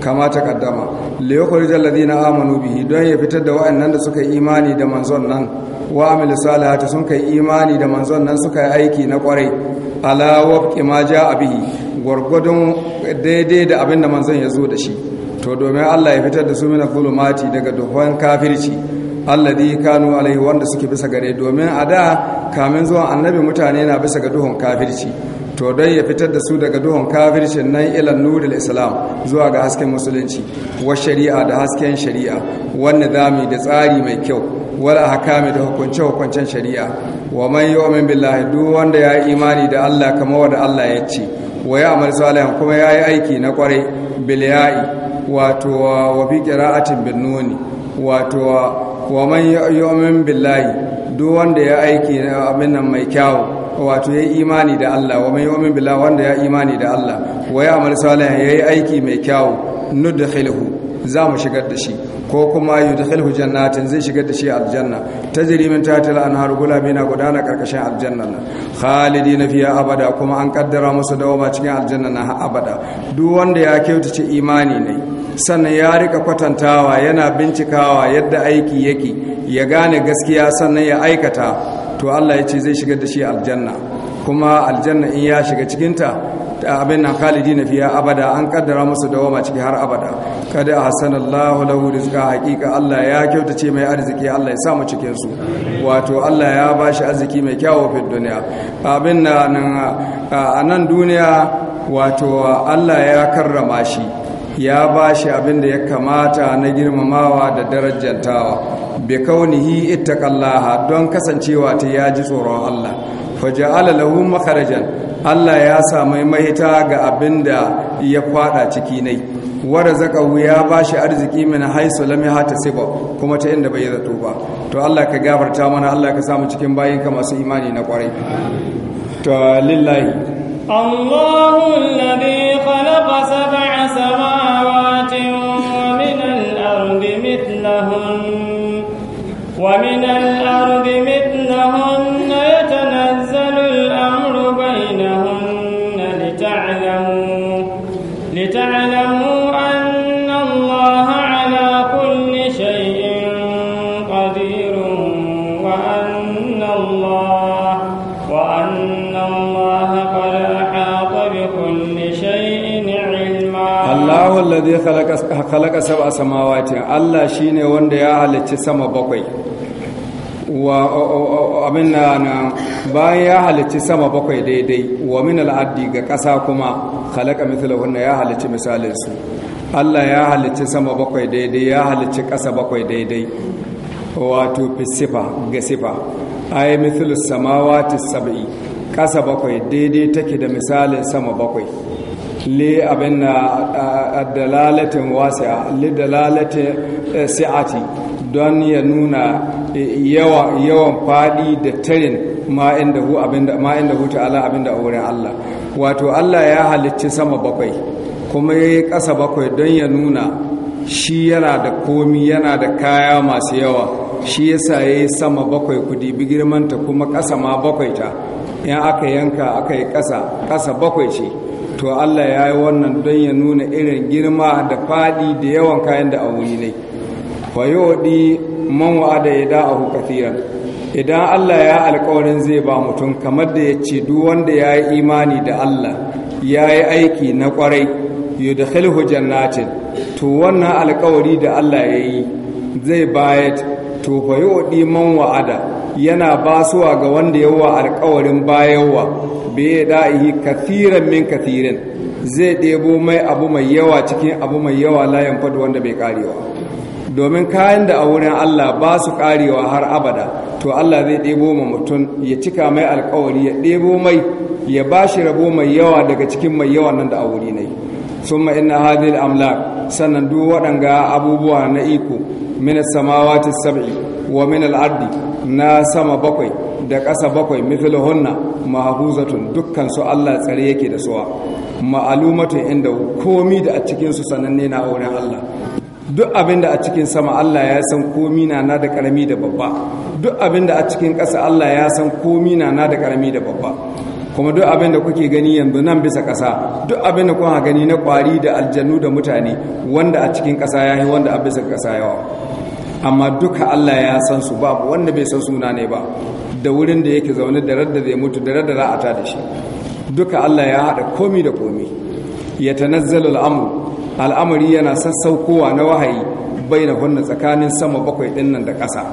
kama taqaddama jalladi na amanu bihi don ya fitar da wa'annan da suka yi imani da manzon nan wa amil salihati sun kai imani da manzon nan suka yi aiki na kwarai ala wafqi ma jaa bihi gwargwadon daidai da abin da manzon ya zo da shi to domin Allah ya fitar da su mina zulumati daga duhun kafirci alladhi kanu alaihi wanda suke bisa gare domin a da kamin zuwan annabi mutane na bisa ga duhun kafirci to don ya fitar da su daga duhun kafircin nan ilan nuril islam zuwa ga hasken musulunci wa shari'a da hasken shari'a wanda dami da tsari mai kyau wala hakami da hukunce hukuncen shari'a wa man yu'min billahi duk wanda ya yi imani da Allah kamar wanda Allah ya ce wa ya amal salihan kuma ya yi aiki na kwarai bil ya'i wato wa fi qira'atin bin nuni wato wa man yu'min billahi duk wanda ya aiki na abin mai kyawu wato ya yi imani da Allah wa mai yomin bila wanda ya imani da Allah wa ya amal salihan ya yi aiki mai kyawu nudkhiluhu za mu shigar da shi ko kuma yudkhiluhu jannatin zai shigar da shi aljanna tajri min an al-anhar gulabina gudana karkashin aljanna khalidina fiha abada kuma an kaddara musu dawama cikin aljanna na abada duk wanda ya kyautace imani ne sannan ya rika kwatantawa yana bincikawa yadda aiki yake ya gane gaskiya sannan ya aikata to Allah ya ce zai shigar da shi aljanna kuma aljanna in ya shiga cikinta abin nan khalidi na fiya abada an kaddara musu dawama ciki har abada kada a hasanallahu lahu rizqa haqiqa Allah ya kyauta ce mai arziki Allah ya samu cikin su wato Allah ya bashi arziki mai kyawu fi duniya abin nan a nan duniya wato Allah ya karrama shi ya bashi abin da ya kamata na girmamawa da darajantawa bi kaunihi ittaqallaha don kasancewa ta yaji tsoron Allah fa ja'ala lahu makharajan Allah ya mai mahita ga abinda ya kwada ciki nai wa razaqahu ya bashi arziki min haisu lam yahtasiba kuma ta inda bai zato ba to Allah ka gafarta mana Allah ka samu cikin ka masu imani na kwarai to lillahi Allahu alladhi khalaqa sab'a samaa alladhi khalaqa khalaqa sab'a samawati Allah shine wanda ya halicci sama bakwai wa abin na bayan ya halicci sama bakwai daidai wa min al'addi ga ƙasa kuma khalaqa mithlahunna ya halicci su Allah ya halicci sama bakwai daidai ya halicci ƙasa bakwai daidai wato fisifa ga sifa ay mithlu samawati sab'i ƙasa bakwai daidai take da misalin sama bakwai li abin na dalalatin wasi'a li dalalatin eh, si'ati don ya nuna eh, yawa yawan fadi da tarin ma inda hu abinda ma inda hu ta'ala abinda a Allah wato Allah ya halicci sama bakwai kuma ya yi ƙasa bakwai don ya nuna shi yana da komi yana da kaya masu yawa shi yasa ya yi sama bakwai kudi bi girmanta kuma ƙasa ma bakwai ta in aka yanka aka yi ƙasa ƙasa bakwai ce to Allah ya yi wannan don ya nuna irin girma da faɗi da yawan kayan da a wuri ne fa waɗi man wa'ada ya a kathiran idan Allah ya alkawarin zai ba mutum kamar da ya ce duk wanda ya yi imani da Allah ya yi aiki na ƙwarai khilhu jannatin to wannan alkawari da Allah ya yi zai bayar to fa waɗi man wa'ada yana basuwa ga wanda yawa alkawarin bayarwa bida'ihi kathiran min kathirin zai ɗebo mai abu mai yawa cikin abu mai yawa layan fadu wanda bai karewa domin kayan da a wurin Allah ba su karewa har abada to Allah zai ɗebo ma mutum ya cika mai alkawari ya ɗebo mai ya ba shi rabo mai yawa daga cikin mai yawa nan da a wuri ne summa inna ina al-amlak sannan duk waɗanga abubuwa na iko min samawati sab'i wa min al'ardi na sama bakwai da ƙasa bakwai mithluhunna hunna dukkan su Allah tsare yake da suwa ma'alumatun inda komi da a cikin su sananne na auren Allah duk abin da a cikin sama Allah ya san komi na na da karami da babba duk abin da a cikin ƙasa Allah ya san komi na na da karami da babba kuma duk abin da kuke gani yanzu nan bisa ƙasa duk abin da kuka gani na ƙwari da aljanu da mutane wanda a cikin ƙasa ya yi wanda a bisa ƙasa yawa amma duka Allah ya san su babu wanda bai san suna ne ba da wurin da yake zaune da radda zai mutu da radda ra'ata da shi duka Allah ya haɗa komi da komi ya tanazzalu al'amu. al'amari yana sassaukowa na wahayi bai na hunna tsakanin sama bakwai din nan da ƙasa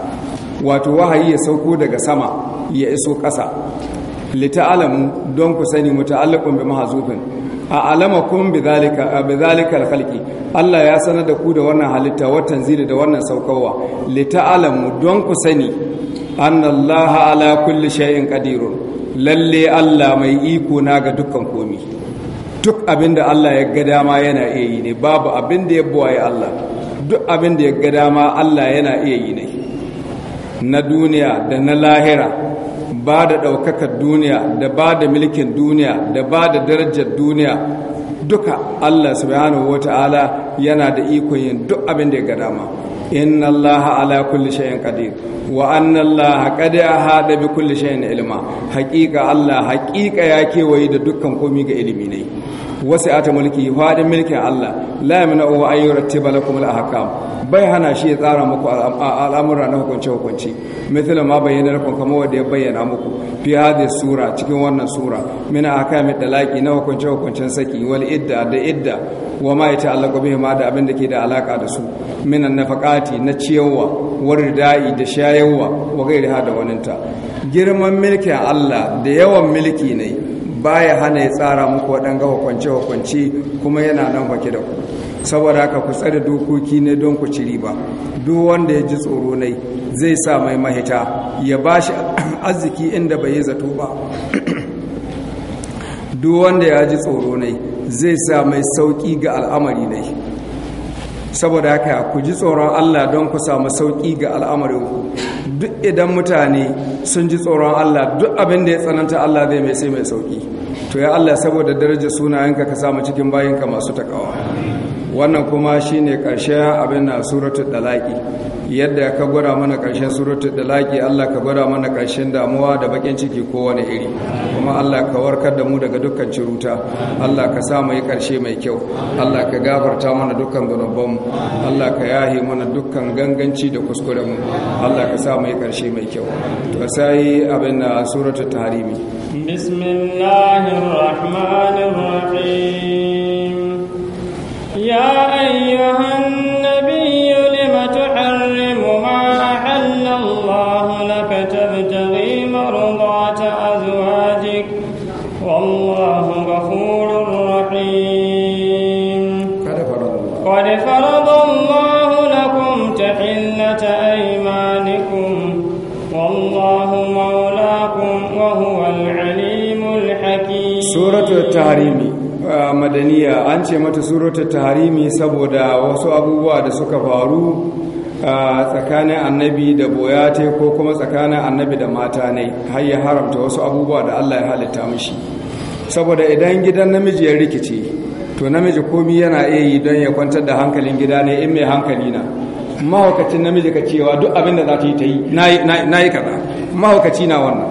wato wahayi ya sauko daga sama ya iso ƙasa lita'alamu don ku sani muta'allaqun bi mahzufin a alamakun bidhalika bidhalika Allah ya sanar da ku da wannan halitta watan zira da wannan saukawa, li alamu, don ku sani annallaha ala kulli shay'in qadirun lalle Allah mai iko na ga dukkan komi duk abinda Allah ya ga dama yana iya yi ne babu abinda ya buwaye Allah duk abinda ya ga dama Allah yana iya yi ne na duniya da na lahira ba da ɗaukakar duniya da ba da milkin duniya da ba da darajar duniya duka Allah subhanahu wa ta'ala yana da ikon yin duk abin da ya ga dama inna allaha ala kulli shay'in qadir wa anna allaha qad ahada bi kulli shay'in ilma haqiqa allah haqiqa ya kewaye da dukkan komi ga ilimi ne wasi'ata mulki fadin mulkin Allah la wa an rattiba lakum al-ahkam bai hana shi ya tsara muku al'amura na hukunce hukunci mithla ma bayyana lakum kamar wanda ya bayyana muku fi hadhihi sura cikin wannan sura min ahkam dalaki na hukunce hukuncen saki wal idda da idda wa ma yata'allaqu bihi ma da abin da ke da alaka da su min an-nafaqati na ciyawa warda'i da shayarwa wa gairi da waninta girman mulkin Allah da yawan mulki ne baya hana ya tsara muku waɗanga hukunce-hukunce kuma yana nan fake da ku saboda haka ku tsare dokoki ne don ku ciri ba. duk wanda ya ji tsoro ne zai sa mai mahita ya ba shi arziki inda bai yi zato ba duk wanda ya ji tsoro ne zai sa mai sauƙi ga al'amari ne saboda haka ku ji tsoron Allah don ku samu sauƙi ga al'amarinku duk idan mutane sun ji tsoron Allah duk abin da ya tsananta Allah zai mai sai mai sauƙi to ya Allah saboda darajar sunayenka ka samu cikin bayinka masu takawa wannan kuma shi ne ƙarshen abin na suratun dalaki yadda ka gwada mana ƙarshen suratun dalaki Allah ka gwada mana ƙarshen damuwa da bakin ciki kowane iri kuma Allah ka warkar da mu daga dukkan ciruta Allah ka sa mu yi ƙarshe mai kyau Allah ka gafarta mana dukkan gunubanmu Allah ka yahi mana dukkan ganganci da kuskuren mu Allah ka sa mu yi ƙarshe mai kyau to sai abin na suratun tarihi bismillahir rahmanir rahim يا أيها النبي لم تحرم ما أحل الله لك تبتغي مرضات أزواجك والله غفور رحيم قد فرض الله لكم تحلة أيمانكم والله مولاكم وهو العليم الحكيم سورة التحريم madaniya an ce mata suratul taharimi saboda wasu abubuwa da suka faru tsakanin annabi da boyate ko kuma tsakanin annabi da mata ne har ya haramta wasu abubuwa da Allah ya halitta mishi saboda idan gidan namiji ya rikice to namiji komi yana iya yi don ya kwantar da hankalin gida ne in mai hankali na mahaukacin namiji ka cewa duk abin da za ta yi ta yi na yi kaza mahaukaci na wannan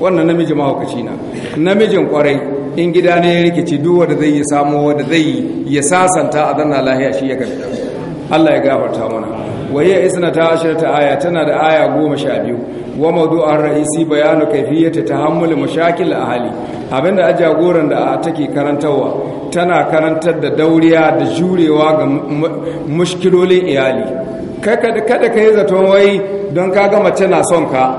wannan namiji mahaukaci na namijin kwarai in gida ne ya rikici duk wanda zai yi samu wanda zai yi ya sasanta a zanna lahiya shi ya karɓi Allah ya gafarta mana waye isna ta ashirta aya tana da aya goma sha biyu wa mawdu'ar ra'isi bayanu ta tahammul mashakil ahli abinda a jagoran da take karantawa tana karantar da dauriya da jurewa ga mushkilolin iyali kada kada kai zaton wai don ka ga mace na son ka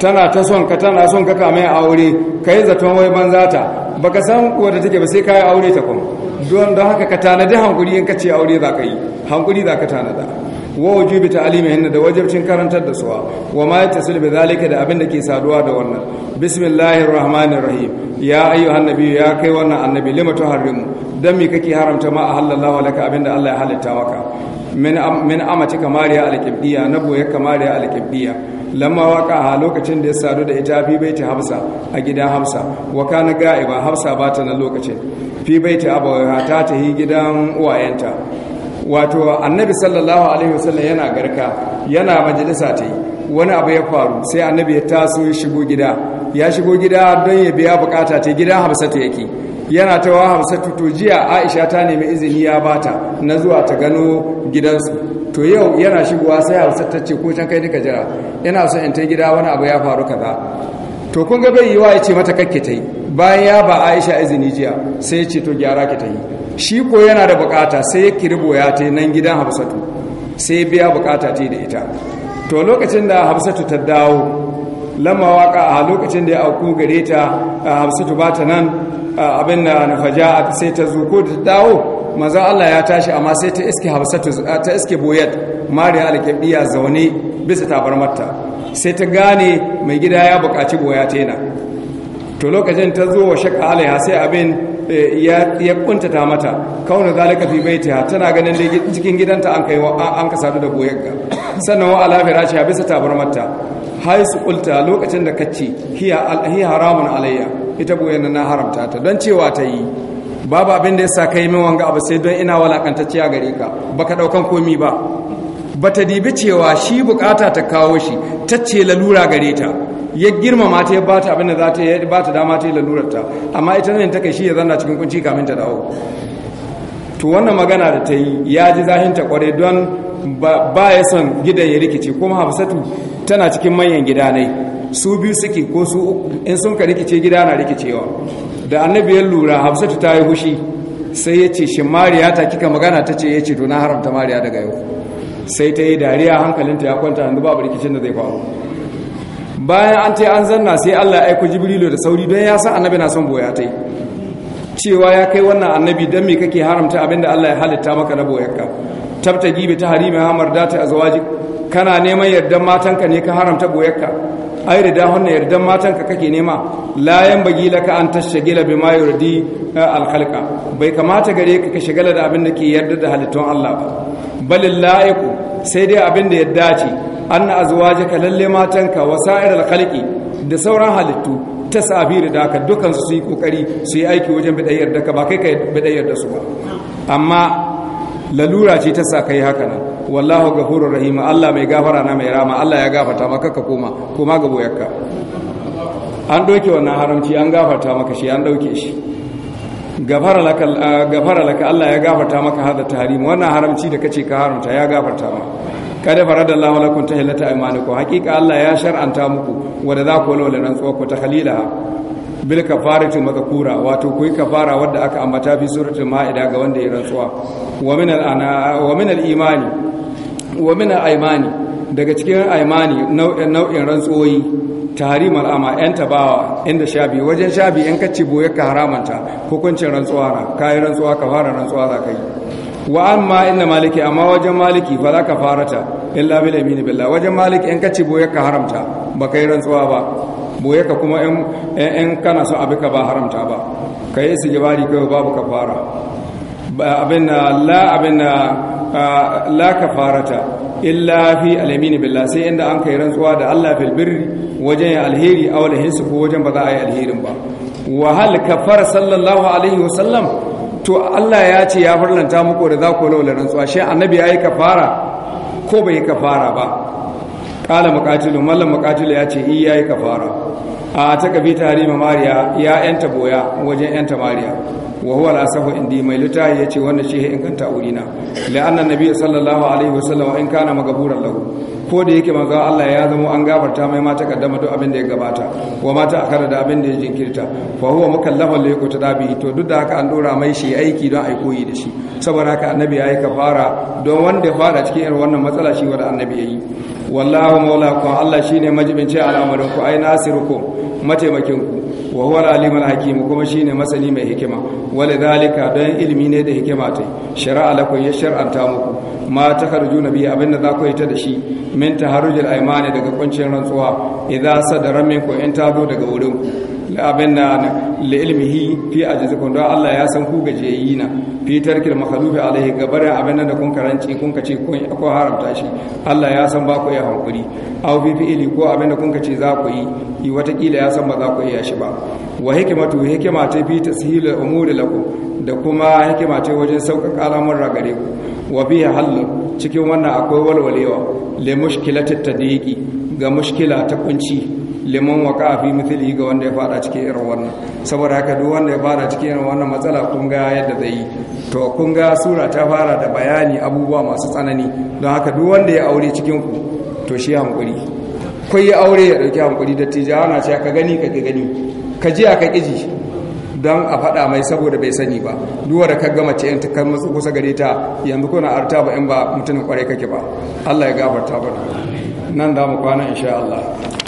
tana ta son ka tana son ka kamar aure kai zaton wai banzata baka san wadda take ba sai ka yi aure ta kuma don don haka ka tanadi hankuri in ka ce aure za ka yi hankuri za ka tanada wa wajibi ta'limihin da wajibcin karantar da suwa wa ma yattasil bi zalika da abin da ke saduwa da wannan bismillahir rahmanir rahim ya ayyuhan nabi ya kai wannan annabi lima harinmu. dan me kake haramta ma wa laka abin da Allah ya halitta maka min min amati kamariya alqibdiya na ya kamariya alqibdiya lamma waka a lokacin da ya sadu da ita fi baiti hafsa a gidan hafsa wa kana ga'iba hafsa ba ta na lokacin fi baiti abawa ta ta yi gidan uwayenta wato annabi sallallahu alaihi wasallam yana garka yana majalisa ta yi wani abu ya faru sai annabi ya taso ya shigo gida ya shigo gida don ya biya bukata ta gida hafsa ta yake yana ta wa hamsatu to jiya aisha ta nemi izini ya bata na zuwa ta gano gidansu to yau yana shigowa sai hamsatu ta ce ko can kai nika jira yana so in ta gida wani abu ya faru kaza to kun ga bai yiwa ya ce mata kakke ta yi bayan ya ba aisha izini jiya sai ya ce to gyara ki ta yi shi ko yana da bukata sai ya kirbo ya ta nan gidan hamsatu sai biya bukata ta da ita to lokacin da hamsatu ta dawo lamma waka a lokacin da ya auku gare ta hamsatu ba ta nan abin da na faja a sai ta zo da ta dawo maza Allah ya tashi amma sai ta iske hamsatu ta iske boyat mariya alkebiya zaune bisa tabarmarta sai ta gane mai gida ya bukaci boya ta yana to lokacin ta zo wa shaka alaiha sai abin e, ya kuntata mata da zalika fi ta tana ganin da cikin gidanta an ka sadu da boyar ga sannan wa ala a bisa tabarmarta su kulta lokacin da kacce hiya haramun alayya ita boyen na haramta ta don cewa ta yi babu abin da yasa kai min wanga abu sai don ina walakantacciya gare ka baka daukan komi ba bata dibi cewa shi bukata ta kawo shi ta ce lalura gare ta ya girmama ta ya bata abin da za ta ya ta dama ta yi lalurar ta amma ita ne ta kai shi ya zanna cikin kunci kamin ta dawo to wannan magana da ta yi ya ji zahinta kwarai don ba ya son gidan ya rikice kuma hafsatu tana cikin manyan gida ne su biyu suke ko su in sun ka rikice gida na rikicewa da annabi ya lura hafsatu ta yi hushi sai ya ce shi mariya ta kika magana ta ce ya ce to na haramta mariya daga yau sai ta yi dariya hankalinta ya kwanta yanzu babu rikicin da zai faru bayan an ce an zanna sai allah ya aiko jibrilu da sauri don ya san annabi na son boya ta yi cewa ya kai wannan annabi don me kake haramta abinda Allah ya halitta maka na boyarka ta hari mai hamar ta azwaji kana neman yardan matanka ne ka haramta boyarka ai rida wannan yardan matanka kake nema layan bagila bagi laka an tashagila ma yurdi eh, al khalqa bai kamata gare ka ka shagala da abin da ke yarda da halittun Allah ba balil la'iku sai dai abin da ya dace anna azwajaka lalle matanka wasa'ir al khalqi da sauran halittu ta sabiri da haka dukansu su yi kokari su yi aiki wajen bidayyar da ka ba kai ka bidayyar da su ba amma lalura ce ta sa kai haka nan wallahu ghafurur rahim Allah mai gafara na mai rama Allah ya gafarta maka ka koma koma ga boyarka an doke wannan haramci an gafarta maka shi an dauke shi gafara laka gafara laka Allah ya gafarta maka hada tahrim wannan haramci da kace ka haramta ya gafarta maka kada farada Allah lakum tahillata aymanikum hakika Allah ya shar'anta muku wanda za ku lola rantsuwa ta takhalila bil kafaratu mazkura wato ku yi kafara wanda aka ambata fi suratul maida ga wanda ya rantsuwa wa min al ana wa min al imani wa min al imani daga cikin imani nau'in rantsoyi tahrim al ama yan tabawa inda shabi wajen shabi in kace boye ka haramanta hukuncin rantsuwa na kai rantsuwa kafara rantsuwa za kai wa amma inna maliki amma wajen maliki fa za ka farata illa bil yamin billah wajen malik in kace boye ka haramta ba kai rantsuwa ba boye ka kuma in in kana so abi ka ba haramta ba kai su jibari kai babu kafara abin la abin la kafarata illa fi alamini billah sai inda an kai rantsuwa da Allah fil birri wajen ya alheri aw lahinsu ko wajen ba za a yi alherin ba wa hal kafara sallallahu alaihi wa sallam to Allah ya ce ya farlanta muku da za ku laula rantsuwa shi annabi yayi kafara ko bai yi kafara ba kala makatilu mallam makatilu ya ce iya yi kafara a ta kafi ta ma mariya ya yanta boya wajen yanta mariya wa huwa al-asahu indi mai litahi yace wannan shi inganta la anna nabiyyu sallallahu alaihi wasallam in kana magaburan lahu ko da yake manzo Allah ya zama an gafarta mai ma takaddama duk abin da ya gabata wa mata akara da abin da ya jinkirta fa huwa mukallafun li yuqtada bi to duk da haka an dora mai shi aiki don ai koyi da shi saboda haka annabi yayi fara, don wanda fara cikin irin wannan matsala shi wanda annabi yayi wallahu maulakum Allah shine ce al'amarin ku ai nasirukum mataimakin ku wa huwa alimul hakim kuma shine masani mai hikima wala dalika dan ilimi ne da hikima ta shar'a lakum ya shar'anta muku ma takharjuna biyu abinda za ku yi ta da shi min taharujul aymani daga kwanciyar rantsuwa idza sadara minku in tado daga wurin ku abin da la'ilmihi fi a jizikun don Allah ya san je yi na fi tarkil makhalufi alaihi gabarin abin da kun karanci kun kace ko haramta shi Allah ya san ba ku ya hankuri aw fi fi'ili ko abin da kun kace za ku yi yi watakila ya san ba za ku iya shi ba wa hikimatu hikima ta fi tashilul umuri lakum da kuma hikima ta wajen sauƙaƙa al'amuran gare ku wa fi hallu cikin wannan akwai walwalewa le mushkilati tadiqi ga mushkila ta kunci liman waka fi yi ga wanda ya fada cikin irin wannan saboda haka duk wanda ya fada cikin irin wannan matsala kun ga yadda zai yi to kun ga sura ta fara da bayani abubuwa masu tsanani don haka duk wanda ya aure cikin ku to shi hankuri kai ya aure ya dauki hankuri da tijawa na ce ka gani ka gani ka ji ka kiji don a faɗa mai saboda bai sani ba duwa da ka gama ce ta kusa gare ta yanzu kuna arta ba in ba mutumin kwarai kake ba Allah ya gafarta ba nan da mu kwana insha Allah